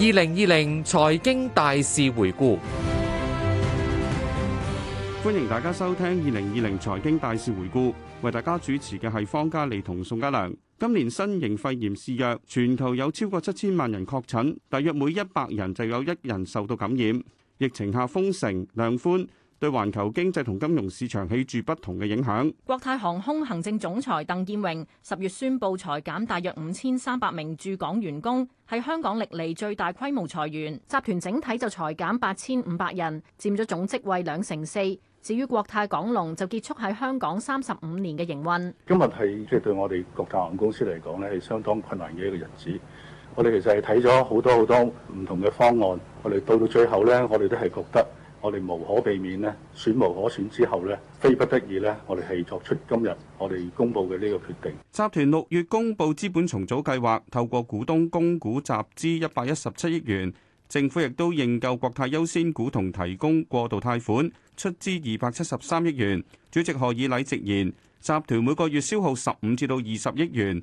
二零二零財經大事回顧，歡迎大家收聽二零二零財經大事回顧。為大家主持嘅係方嘉莉同宋嘉良。今年新型肺炎肆虐，全球有超過七千萬人確診，大約每一百人就有一人受到感染。疫情下封城、量寬。對環球經濟同金融市場起住不同嘅影響。國泰航空行政總裁鄧健榮十月宣布裁減大約五千三百名駐港員工，係香港歷嚟最大規模裁員。集團整體就裁減八千五百人，佔咗總職位兩成四。至於國泰港龍就結束喺香港三十五年嘅營運。今日係即係對我哋國泰航空公司嚟講咧，係相當困難嘅一個日子。我哋其實係睇咗好多好多唔同嘅方案，我哋到到最後呢，我哋都係覺得。我哋無可避免呢選無可選之後呢非不得已呢我哋係作出今日我哋公布嘅呢個決定。集團六月公布資本重組計劃，透過股東供股集資一百一十七億元，政府亦都認購國泰優先股同提供過渡貸款，出資二百七十三億元。主席何以禮直言，集團每個月消耗十五至到二十億元。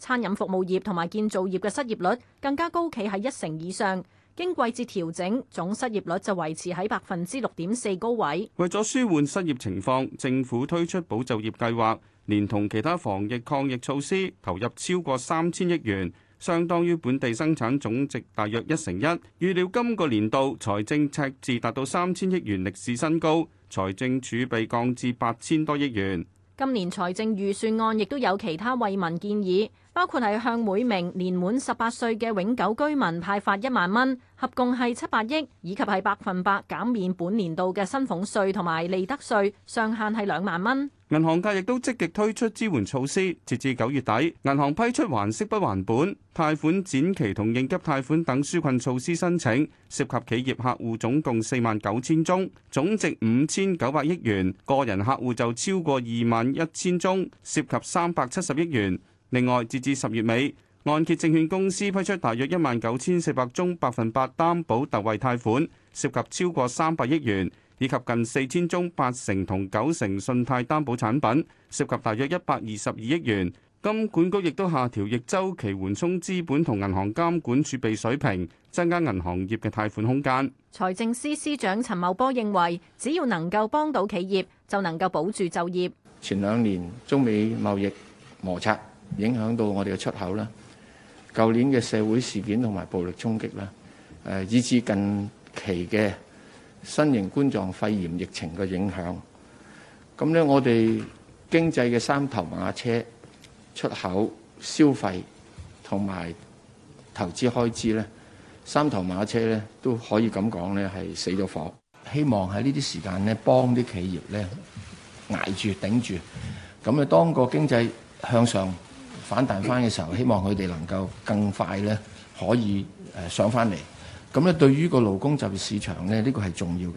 餐飲服務業同埋建造業嘅失業率更加高企喺一成以上，經季節調整，總失業率就維持喺百分之六點四高位。為咗舒緩失業情況，政府推出保就業計劃，連同其他防疫抗疫措施，投入超過三千億元，相當於本地生產總值大約一成一。預料今個年度財政赤字達到三千億元歷史新高，財政儲備降至八千多億元。今年財政預算案亦都有其他惠民建議。包括係向每名年滿十八歲嘅永久居民派發一萬蚊，合共係七百億，以及係百分百減免本年度嘅薪俸稅同埋利得稅，上限係兩萬蚊。銀行界亦都積極推出支援措施，截至九月底，銀行批出還息不還本、貸款展期同應急貸款等紓困措施申請，涉及企業客戶總共四萬九千宗，總值五千九百億元；個人客戶就超過二萬一千宗，涉及三百七十億元。另外，截至十月尾，按揭證券公司批出大約一萬九千四百宗百分百擔保特惠貸款，涉及超過三百億元，以及近四千宗八成同九成信貸擔保產品，涉及大約一百二十二億元。金管局亦都下調逆周期緩衝資本同銀行監管儲備水平，增加銀行業嘅貸款空間。財政司司長陳茂波認為，只要能夠幫到企業，就能夠保住就業。前兩年中美貿易摩擦，影響到我哋嘅出口啦，舊年嘅社會事件同埋暴力衝擊啦，誒、呃，以至近期嘅新型冠狀肺炎疫情嘅影響。咁咧，我哋經濟嘅三頭馬車出口、消費同埋投資開支咧，三頭馬車咧都可以咁講咧，係死咗火。希望喺呢啲時間咧，幫啲企業咧捱住頂住。咁咧，當個經濟向上。反彈翻嘅時候，希望佢哋能夠更快呢可以誒上翻嚟。咁呢對於個勞工就業市場呢，呢個係重要嘅。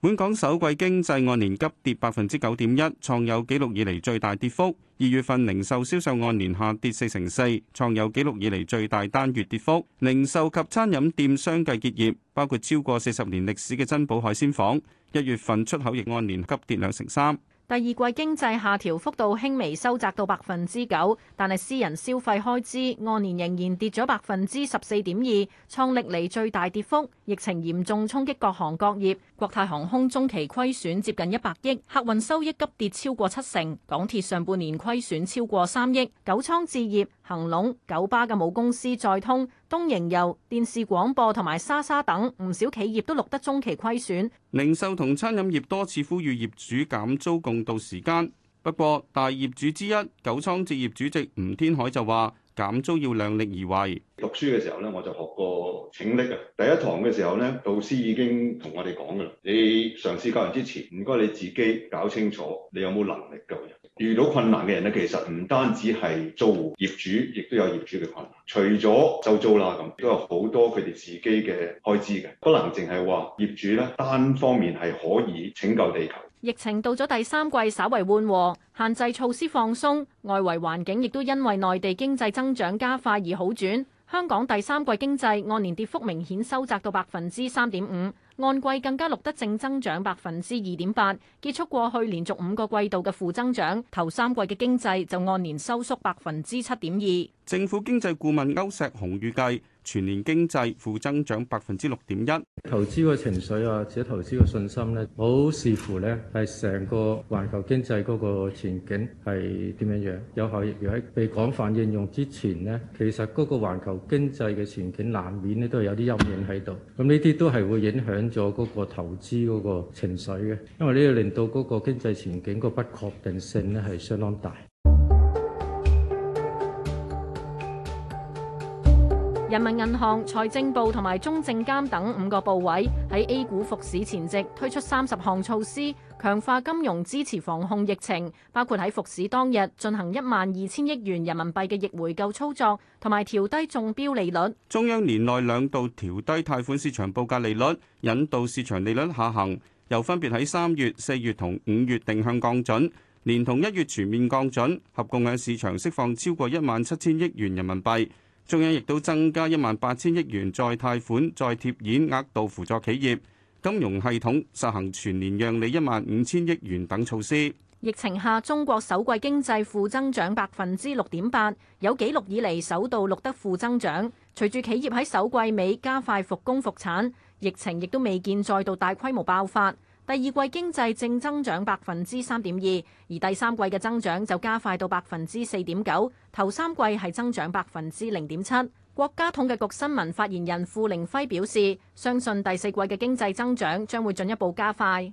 本港首季經濟按年急跌百分之九點一，創有紀錄以嚟最大跌幅。二月份零售銷售按年下跌四成四，創有紀錄以嚟最大單月跌幅。零售及餐飲店相繼結業，包括超過四十年歷史嘅珍寶海鮮坊。一月份出口亦按年急跌兩成三。第二季經濟下調幅度輕微收窄到百分之九，但係私人消費開支按年仍然跌咗百分之十四點二，創歷嚟最大跌幅。疫情嚴重衝擊各行各業，國泰航空中期虧損接近一百億，客運收益急跌超過七成，港鐵上半年虧損超過三億，九倉置業、恒隆、九巴嘅母公司載通、東瀛遊、電視廣播同埋莎莎等唔少企業都錄得中期虧損。零售同餐飲業多次呼籲業主減租共渡時艱，不過大業主之一九倉置業主席吳天海就話：減租要量力而為。讀書嘅時候呢，我就學過拯溺啊！第一堂嘅時候呢，導師已經同我哋講㗎喇，你嘗試救人之前，唔該你自己搞清楚你有冇能力救人。遇到困難嘅人咧，其實唔單止係租戶、業主，亦都有業主嘅困難。除咗收租啦，咁都有好多佢哋自己嘅開支嘅，不能淨係話業主咧單方面係可以拯救地球。疫情到咗第三季稍為緩和，限制措施放鬆，外圍環境亦都因為內地經濟增長加快而好轉。香港第三季經濟按年跌幅明顯收窄到百分之三點五，按季更加錄得正增長百分之二點八，結束過去連續五個季度嘅負增長。頭三季嘅經濟就按年收縮百分之七點二。政府經濟顧問歐石雄預計，全年經濟負增長百分之六點一。投資個情緒啊，或者投資個信心咧，好視乎咧，係成個環球經濟嗰個前景係點樣樣。有效疫苗喺被廣泛應用之前咧，其實嗰個環球經濟嘅前景難免咧都係有啲陰影喺度。咁呢啲都係會影響咗嗰個投資嗰個情緒嘅，因為呢個令到嗰個經濟前景個不確定性咧係相當大。人民銀行、財政部同埋中證監等五個部委喺 A 股復市前夕推出三十項措施，強化金融支持防控疫情，包括喺復市當日進行一萬二千億元人民幣嘅逆回購操作，同埋調低中標利率。中央年內兩度調低貸款市場報價利率，引導市場利率下行，又分別喺三月、四月同五月定向降準，連同一月全面降準，合共喺市場釋放超過一萬七千億元人民幣。中央亦都增加一萬八千億元再貸款、再貼現額度，輔助企業金融系統實行全年讓利一萬五千億元等措施。疫情下，中國首季經濟負增長百分之六點八，有紀錄以嚟首度錄得負增長。隨住企業喺首季尾加快復工復產，疫情亦都未見再度大規模爆發。第二季經濟正增長百分之三點二，而第三季嘅增長就加快到百分之四點九。頭三季係增長百分之零點七。國家統計局新聞發言人傅凌輝表示，相信第四季嘅經濟增長將會進一步加快。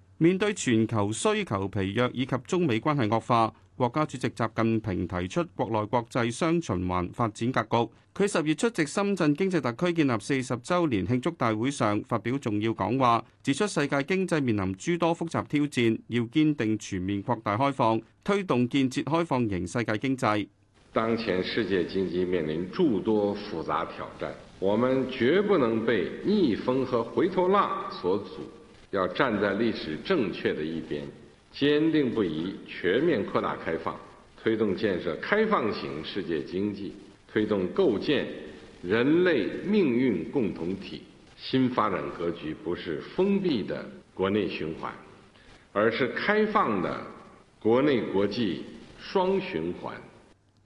面對全球需求疲弱以及中美關係惡化，國家主席習近平提出國內國際雙循環發展格局。佢十月出席深圳經濟特區建立四十周年慶祝大會上發表重要講話，指出世界經濟面臨諸多複雜挑戰，要堅定全面擴大開放，推動建設開放型世界經濟。當前世界經濟面臨諸多複雜挑戰，我們絕不能被逆風和回頭浪所阻。要站在歷史正確的一邊，堅定不移全面擴大開放，推動建設開放型世界經濟，推動構建人類命運共同體。新發展格局不是封閉的國內循環，而是開放的國內國際雙循環。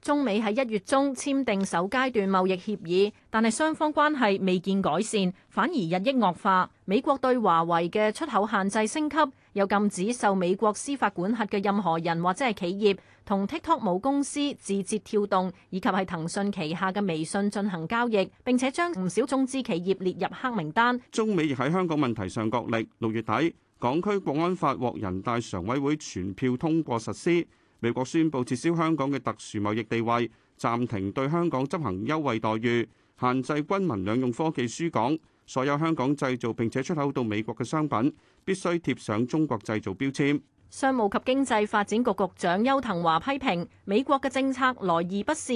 中美喺一月中簽訂首階段貿易協議，但係雙方關係未見改善，反而日益惡化。美國對華為嘅出口限制升級，又禁止受美國司法管轄嘅任何人或者係企業同 TikTok 母公司字節跳動以及係騰訊旗下嘅微信進行交易，並且將唔少中資企業列入黑名單。中美亦喺香港問題上角力。六月底，港區國安法獲人大常委會全票通過實施。美國宣布撤銷香港嘅特殊貿易地位，暫停對香港執行優惠待遇，限制軍民兩用科技輸港。所有香港製造並且出口到美國嘅商品，必須貼上中國製造標籤。商務及經濟發展局局長邱騰華批評美國嘅政策來意不善。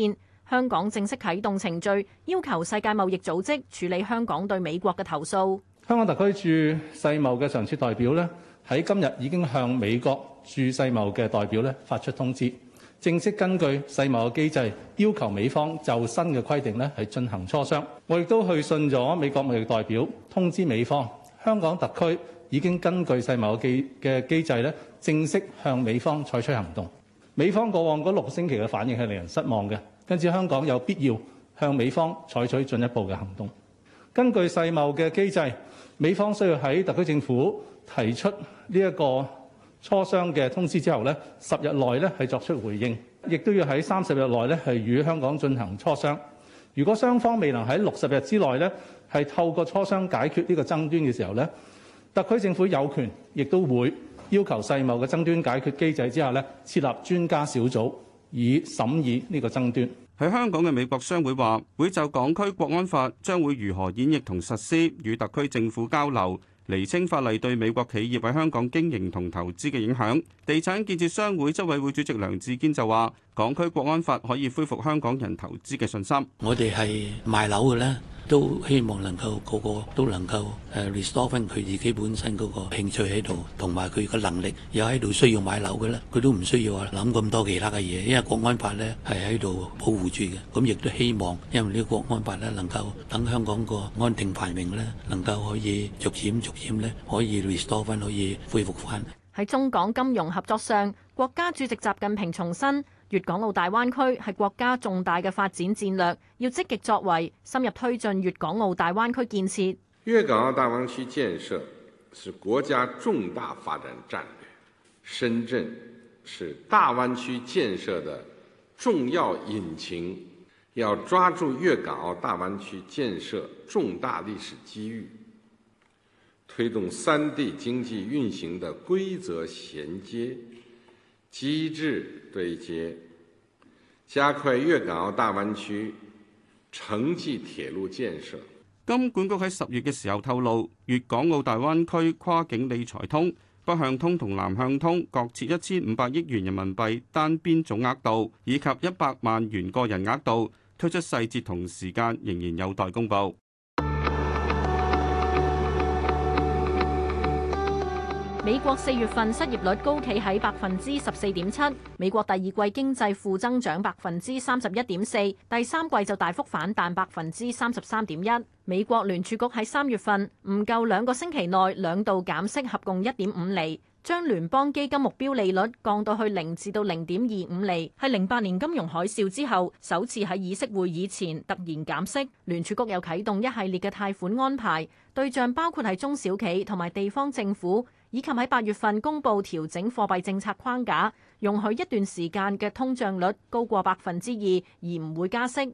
香港正式啟動程序，要求世界貿易組織處理香港對美國嘅投訴。香港特區駐世貿嘅常設代表呢，喺今日已經向美國駐世貿嘅代表呢發出通知。正式根據世貿嘅機制，要求美方就新嘅規定咧係進行磋商。我亦都去信咗美國貿易代表，通知美方香港特區已經根據世貿嘅機嘅機制咧，正式向美方採取行動。美方過往嗰六個星期嘅反應係令人失望嘅，跟住香港有必要向美方採取進一步嘅行動。根據世貿嘅機制，美方需要喺特區政府提出呢一個磋商嘅通知之後呢，十日內呢係作出回應，亦都要喺三十日內呢係與香港進行磋商。如果雙方未能喺六十日之內呢係透過磋商解決呢個爭端嘅時候呢，特區政府有權，亦都會要求世貿嘅爭端解決機制之下呢設立專家小組以審議呢個爭端。喺香港嘅美國商會話，會就港區國安法將會如何演繹同實施，與特區政府交流。釐清法例對美國企業喺香港經營同投資嘅影響，地產建設商會執委會主席梁志堅就話，港區國安法可以恢復香港人投資嘅信心。我哋係賣樓嘅咧，都希望能夠個個都能夠誒 restore 佢自己本身嗰個興趣喺度，同埋佢個能力又喺度需要買樓嘅咧，佢都唔需要話諗咁多其他嘅嘢，因為國安法咧係喺度保護住嘅。咁亦都希望，因為呢個國安法咧，能夠等香港個安定排名咧，能夠可以逐漸逐。咧可以 restore 翻，可以恢復翻。喺中港金融合作上，國家主席習近平重申，粵港澳大灣區係國家重大嘅發展戰略，要積極作為，深入推進粵港澳大灣區建設。粵港澳大灣區建設是國家重大發展戰略，深圳是大灣區建設的重要引擎，要抓住粵港澳大灣區建設重大歷史機遇。推動三地經濟運行的規則銜接、機制對接，加快粵港澳大灣區城際鐵路建設。金管局喺十月嘅時候透露，粵港澳大灣區跨境理財通、北向通同南向通各設一千五百億元人民幣單邊總額度以及一百萬元個人額度，推出細節同時間仍然有待公佈。美國四月份失業率高企喺百分之十四點七。美國第二季經濟負增長百分之三十一點四，第三季就大幅反彈百分之三十三點一。美國聯儲局喺三月份唔夠兩個星期內兩度減息，合共一點五厘，將聯邦基金目標利率降到去零至到零點二五厘。係零八年金融海嘯之後首次喺議息會議前突然減息。聯儲局又啟動一系列嘅貸款安排，對象包括係中小企同埋地方政府。以及喺八月份公布調整貨幣政策框架，容許一段時間嘅通脹率高過百分之二，而唔會加息。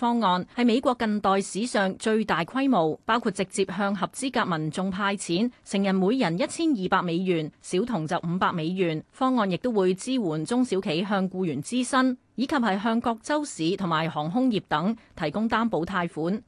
方案係美國近代史上最大規模，包括直接向合資格民眾派錢，成人每人一千二百美元，小童就五百美元。方案亦都會支援中小企向雇員支薪，以及係向各州市同埋航空業等提供擔保貸款。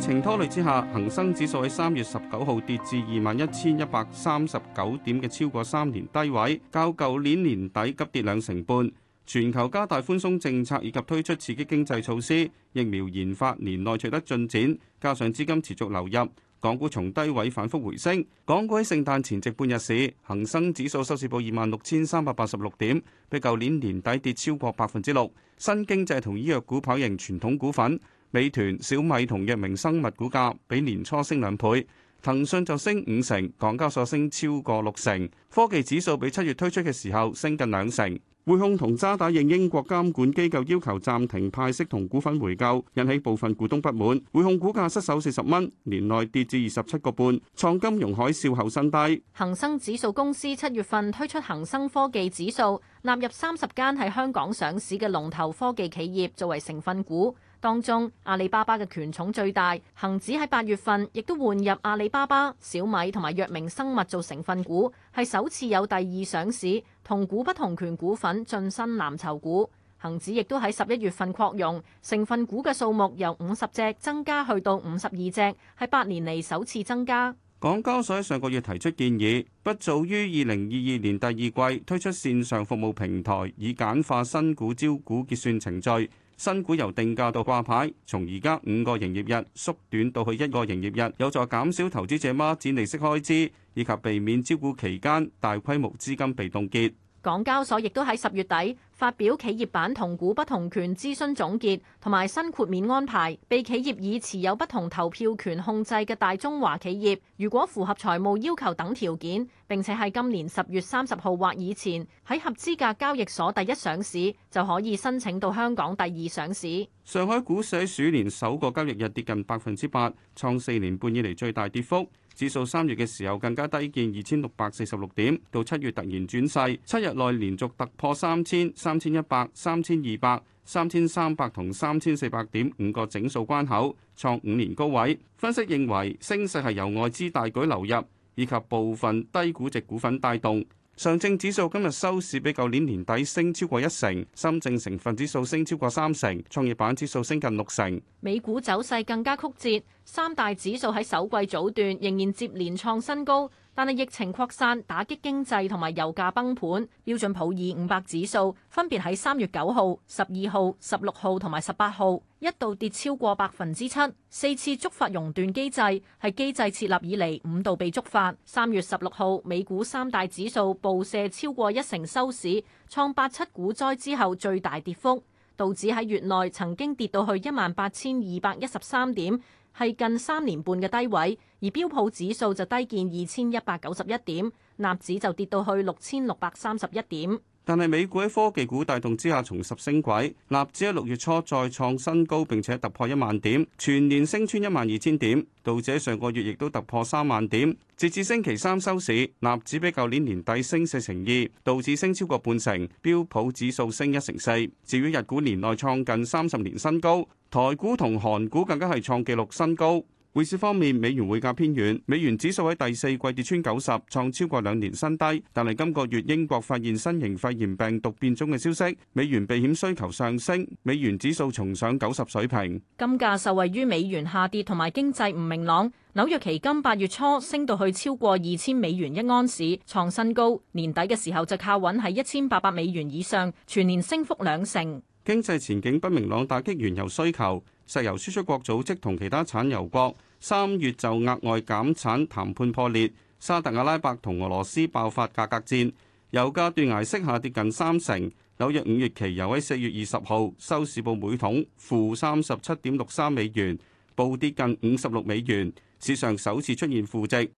情拖累之下，恒生指數喺三月十九號跌至二萬一千一百三十九點嘅超過三年低位，較舊年年底急跌兩成半。全球加大寬鬆政策以及推出刺激經濟措施，疫苗研發年內取得進展，加上資金持續流入，港股從低位反覆回升。港股喺聖誕前夕半日市，恒生指數收市報二萬六千三百八十六點，比舊年年底跌超過百分之六。新經濟同醫藥股跑贏傳統股份。，美團、小米同藥明生物股價比年初升兩倍，騰訊就升五成，港交所升超過六成，科技指數比七月推出嘅時候升近兩成。匯控同渣打應英國監管機構要求暫停派息同股份回購，引起部分股東不滿。匯控股價失守四十蚊，年內跌至二十七個半，創金融海嘯後新低。恒生指數公司七月份推出恒生科技指數，納入三十間喺香港上市嘅龍頭科技企業作為成分股當中阿里巴巴嘅權重最大，恒指喺八月份亦都換入阿里巴巴、小米同埋藥明生物做成分股，係首次有第二上市同股不同權股份晉身藍籌股。恒指亦都喺十一月份擴容成分股嘅數目，由五十隻增加去到五十二隻，係八年嚟首次增加。港交所喺上個月提出建議，不早於二零二二年第二季推出線上服務平台，以簡化新股招股結算程序。新股由定價到掛牌，從而家五個營業日縮短到去一個營業日，有助減少投資者孖展利息開支，以及避免招股期間大規模資金被凍結。港交所亦都喺十月底發表企業版同股不同權諮詢總結同埋新豁免安排，被企業以持有不同投票權控制嘅大中華企業，如果符合財務要求等條件，並且喺今年十月三十號或以前喺合資格交易所第一上市，就可以申請到香港第二上市。上海股市喺鼠年首個交易日跌近百分之八，創四年半以嚟最大跌幅。指數三月嘅時候更加低見二千六百四十六點，到七月突然轉勢，七日內連續突破三千、三千一百、三千二百、三千三百同三千四百點五個整數關口，創五年高位。分析認為，升勢係由外資大舉流入，以及部分低估值股份帶動。上證指數今日收市比舊年年底升超過一成，深證成分指數升超過三成，創業板指數升近六成。美股走勢更加曲折，三大指數喺首季早段仍然接連創新高。但係疫情擴散打擊經濟同埋油價崩盤，標準普爾五百指數分別喺三月九號、十二號、十六號同埋十八號一度跌超過百分之七，四次觸發熔斷機制，係機制設立以嚟五度被觸發。三月十六號，美股三大指數暴瀉超過一成收市，創八七股災之後最大跌幅，道指喺月內曾經跌到去一萬八千二百一十三點。係近三年半嘅低位，而標普指數就低見二千一百九十一點，納指就跌到去六千六百三十一點。但係美股喺科技股帶動之下重拾升軌，納指喺六月初再創新高並且突破一萬點，全年升穿一萬二千點。道指上個月亦都突破三萬點，截至星期三收市，納指比舊年年底升四成二，道指升超過半成，標普指數升一成四。至於日股年內創近三十年新高，台股同韓股更加係創紀錄新高。匯市方面，美元匯價偏軟，美元指數喺第四季跌穿九十，創超過兩年新低。但係今個月英國發現新型肺炎病毒變種嘅消息，美元避險需求上升，美元指數重上九十水平。金價受惠於美元下跌同埋經濟唔明朗，紐約期金八月初升到去超過二千美元一安士，創新高。年底嘅時候就靠穩喺一千八百美元以上，全年升幅兩成。經濟前景不明朗，打擊原油需求。石油輸出國組織同其他產油國三月就額外減產談判破裂，沙特阿拉伯同俄羅斯爆發價格戰，油價斷崖式下跌近三成。紐約五月期油喺四月二十號收市報每桶負三十七點六三美元，暴跌近五十六美元，史上首次出現負值。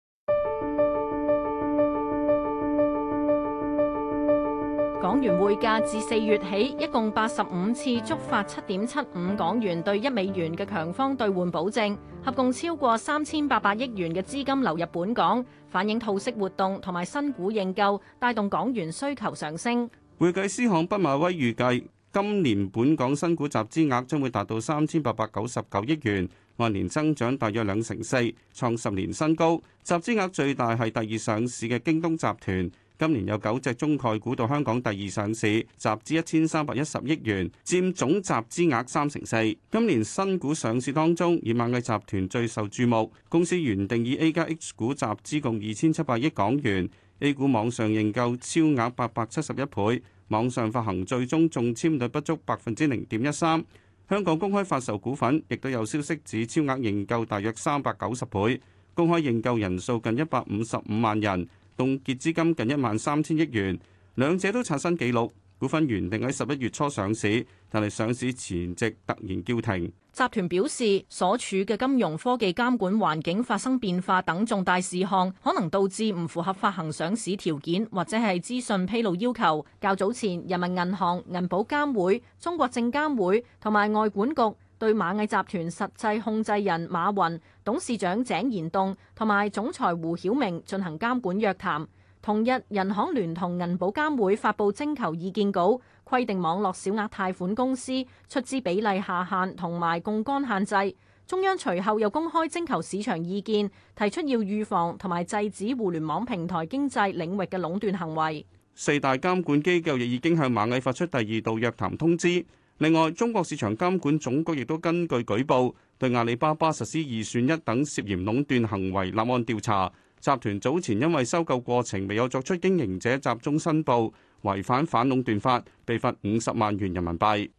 港元匯價自四月起，一共八十五次觸發七點七五港元兌一美元嘅強方兌換保證，合共超過三千八百億元嘅資金流入本港，反映套息活動同埋新股認購帶動港元需求上升。會計師行畢馬威預計，今年本港新股集資額將會達到三千八百九十九億元，按年增長大約兩成四，創十年新高。集資額最大係第二上市嘅京東集團。今年有九隻中概股到香港第二上市，集資一千三百一十億元，佔總集資額三成四。今年新股上市當中，以螞蟻集團最受注目。公司原定以 A 加 H 股集資共二千七百億港元，A 股網上認購超額八百七十一倍，網上發行最終中籤率不足百分之零點一三。香港公開發售股份亦都有消息指超額認購大約三百九十倍，公開認購人數近一百五十五萬人。凍結資金近一萬三千億元，兩者都刷新紀錄。股份原定喺十一月初上市，但係上市前夕突然叫停。集團表示，所處嘅金融科技監管環境發生變化等重大事項，可能導致唔符合發行上市條件或者係資訊披露要求。較早前，人民銀行、銀保監會、中國證監會同埋外管局對螞蟻集團實際控制人馬雲。董事長井賢棟同埋總裁胡曉明進行監管約談。同日，人行聯同銀保監會發布徵求意見稿，規定網絡小額貸款公司出資比例下限同埋槓桿限制。中央隨後又公開徵求市場意見，提出要預防同埋制止互聯網平台經濟領域嘅壟斷行為。四大監管機構亦已經向螞蟻發出第二道約談通知。另外，中國市場監管總局亦都根據舉報，對阿里巴巴實施二選一等涉嫌壟斷行為立案調查。集團早前因為收購過程未有作出經營者集中申報，違反反壟斷法，被罰五十萬元人民幣。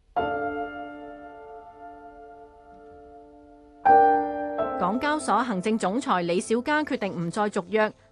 港交所行政總裁李小加決定唔再續約。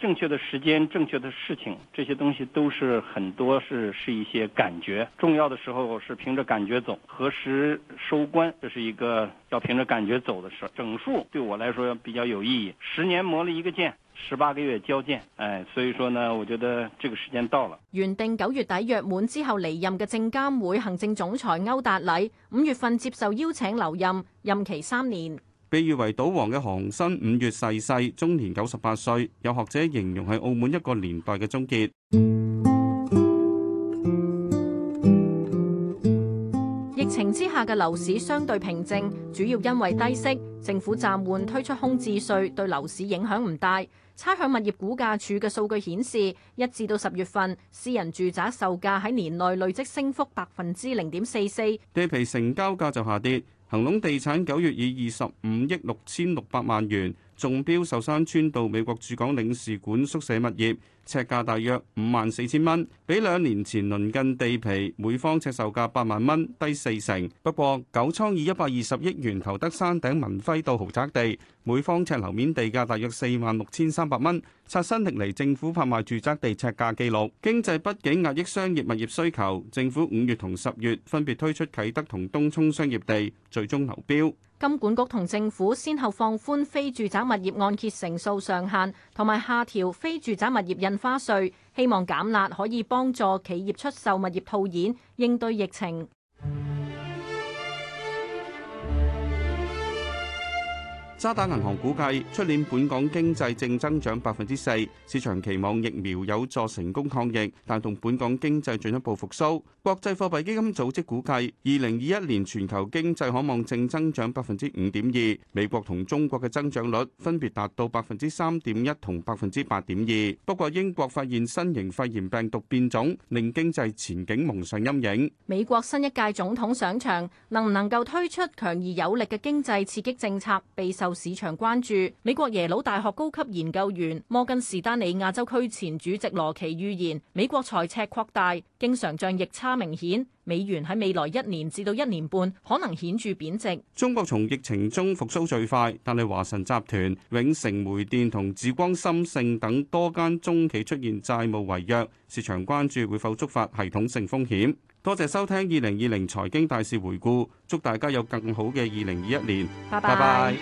正確的時間，正確的事情，這些東西都是很多是是一些感覺。重要的時候是憑着感覺走，何時收官，這、就是一個要憑着感覺走的事。整數對我來說比較有意義。十年磨了一個劍，十八個月交劍，哎，所以說呢，我覺得這個時間到了。原定九月底約滿之後離任嘅證監會行政總裁歐達禮，五月份接受邀請留任，任期三年。被譽為賭王嘅何鴻燊五月逝世，世，終年九十八歲。有學者形容係澳門一個年代嘅終結。疫情之下嘅樓市相對平靜，主要因為低息，政府暫緩推出空置稅，對樓市影響唔大。差餉物業估價署嘅數據顯示，一至到十月份，私人住宅售價喺年內累積升幅百分之零點四四。地皮成交價就下跌。恒隆地產九月以二十五億六千六百萬元中標壽山村道美國駐港領事館宿舍物業。尺價大約五萬四千蚊，比兩年前鄰近地皮每方尺售價八萬蚊低四成。不過九倉以一百二十億元投得山頂文輝道豪宅地，每方尺樓面地價大約四萬六千三百蚊，刷新歷來政府拍賣住宅地尺價紀錄。經濟不景壓抑商業物業需求，政府五月同十月分別推出啟德同東涌商業地最終流標。金管局同政府先後放寬非住宅物業按揭成數上限，同埋下調非住宅物業印花稅希望減辣，可以幫助企業出售物業套現，應對疫情。渣打銀行估計，出年本港經濟正增長百分之四，市場期望疫苗有助成功抗疫，帶動本港經濟進一步復甦。國際貨幣基金組織估計，二零二一年全球經濟可望正增長百分之五點二，美國同中國嘅增長率分別達到百分之三點一同百分之八點二。不過英國發現新型肺炎病毒變種，令經濟前景蒙上陰影。美國新一屆總統上場，能唔能夠推出強而有力嘅經濟刺激政策，備受市場關注，美國耶魯大學高級研究員摩根士丹利亞洲區前主席羅奇預言，美國財赤擴大，經常賬逆差明顯，美元喺未來一年至到一年半可能顯著貶值。中國從疫情中復甦最快，但係華晨集團、永城煤電同紫光芯盛等多間中企出現債務違約，市場關注會否觸發系統性風險。多謝收聽二零二零財經大事回顧，祝大家有更好嘅二零二一年。拜拜。